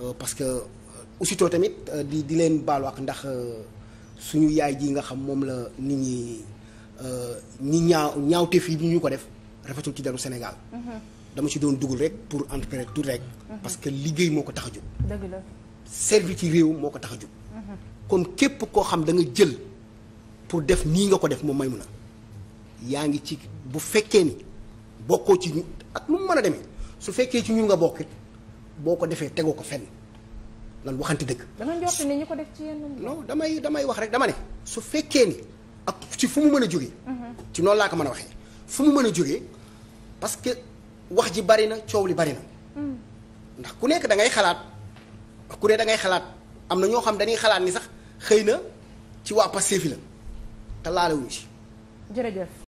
Euh, parce que euh, aussitôt tamit euh, di di leen baalu ak ndax suñu yaay ji nga xam moom la nit ñi ñi ñaaw ñaawte fii ñu ñu ko def rafetul ci daru Sénégal. Mhm. dama ci doon dugul rek pour entreprendre tout rek. Mhm. parce que liggéey moo ko tax a jóg. dëgg la service ci réew moo ko tax a jóg. Mhm. kon képp koo xam da nga jël pour def nii nga ko def moom may mun a yaa ngi ci bu fekkee ni bokkoo ci ñu ak lu mu a demee su fekkee ci ñun nga bokk boo ko defee tegoo ko fenn lan waxante dëgg. dama njort ne ñu ko def ci yenn. non damay damay wax rek dama ne su fekkee ni ak ci fu mu mën a jógee. ci noonu laa ko mën a waxee fu mu mën a jóge parce que wax ji bari na coow li bari na. Mm. ndax ku nekk da ngay xalaat ku ne da ngay xalaat am na ñoo xam dañuy xalaat ni sax xëy na ci waa Pastef la te laalewuñu ci. jërëjëf.